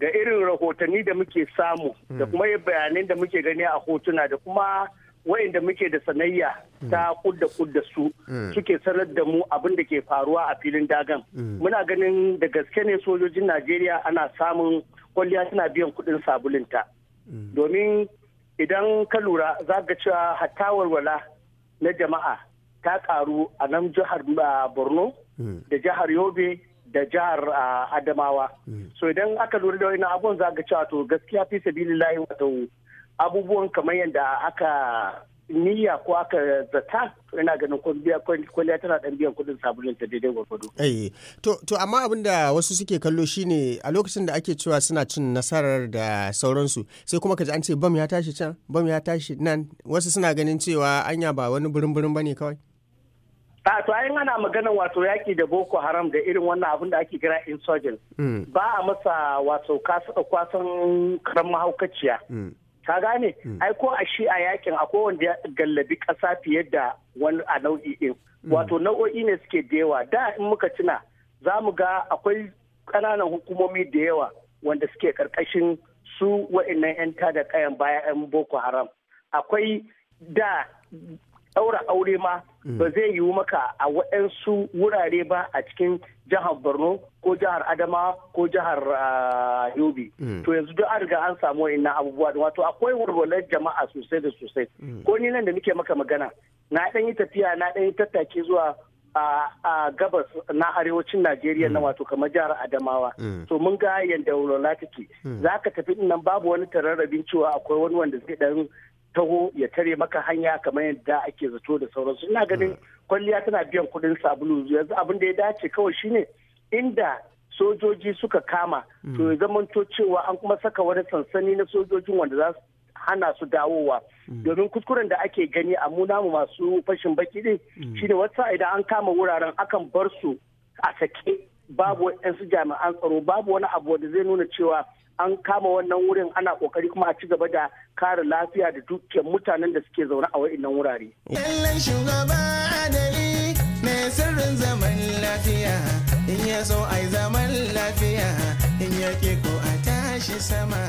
ga irin rahotanni da muke samu da hmm. kuma bayanan da muke gani a hotuna da kuma wayanda muke da sanayya hmm. ta kudda kudda su hmm. suke sanar da mu abin da ke faruwa a filin dagan muna ganin da gaske ne sojojin najeriya ana samun kwalliya suna biyan kudin sabulinta domin idan ka lura za ga cewa hatta walwala na jama'a ta karu a nan jihar ah, borno da jihar yobe da jihar Adamawa. Hmm. So idan aka lura da wani abuwan za ga cewa to gaskiya fi sabilillahi wato abubuwan kamar yadda aka niyya ko aka zata ina ganin kwalliya tana dan biyan kuɗin sabulun ta daidai gwargwado. Eh, to amma abin da wasu suke kallo shine a lokacin da ake cewa suna cin nasarar da sauransu sai kuma kaji an ce bam ya tashi can bam ya tashi nan wasu suna ganin cewa anya ba wani burin burin bane kawai. a to ayin ana magana wato yaki da boko haram da irin wannan abin da ake kira insurgent hmm. ba a masa wato kwasan karam mahaukaciya hmm. ka gane hmm. ai ko a shi a yakin akwai wanda ya gallabi ƙasa fiye da wani a nau'i ɗin wato nau'o'i ne suke da yawa da in muka tuna za mu ga akwai ƙananan hukumomi da yawa wanda suke ƙarƙashin su wa'annan 'yan tada kayan baya 'yan boko haram akwai da ɗaura aure ma ba mm. zai yiwu maka a waɗansu wurare ba a cikin jihar borno ko jihar adama ko jihar ah, yobe mm. to yanzu duk an riga an samu wa'annan abubuwa da wato akwai walwalar jama'a sosai da sosai mm. ko ni nan da muke maka magana na ɗan yi tafiya na ɗan yi tattaki zuwa a gabas na arewacin Najeriya na wato kamar jihar Adamawa. To mun ga yadda walwala take. Za ka tafi nan babu wani tararrabin cewa akwai wani wanda zai ɗan. taho ya tare maka hanya kamar yadda ake zato da sauransu ina ganin mm. kwalliya tana biyan kuɗin sabulu yanzu abin da ya dace kawai shine inda sojoji suka kama mm. to ya zamanto cewa an kuma saka wani sansani na sojojin wanda za su hana su dawowa mm. domin kuskuren da ake gani a mu masu fashin baki din shine wata idan an kama wuraren akan bar su a sake babu yansu jami'an tsaro babu wani abu da zai nuna cewa an kama wannan wurin ana kokari kuma a ci gaba da kare lafiya da dukiyar mutanen da suke zaune a wa'in wurare. Lallan shugaba adali mai sirrin zaman lafiya in ya so ai zaman lafiya in ya ke ko a tashi sama.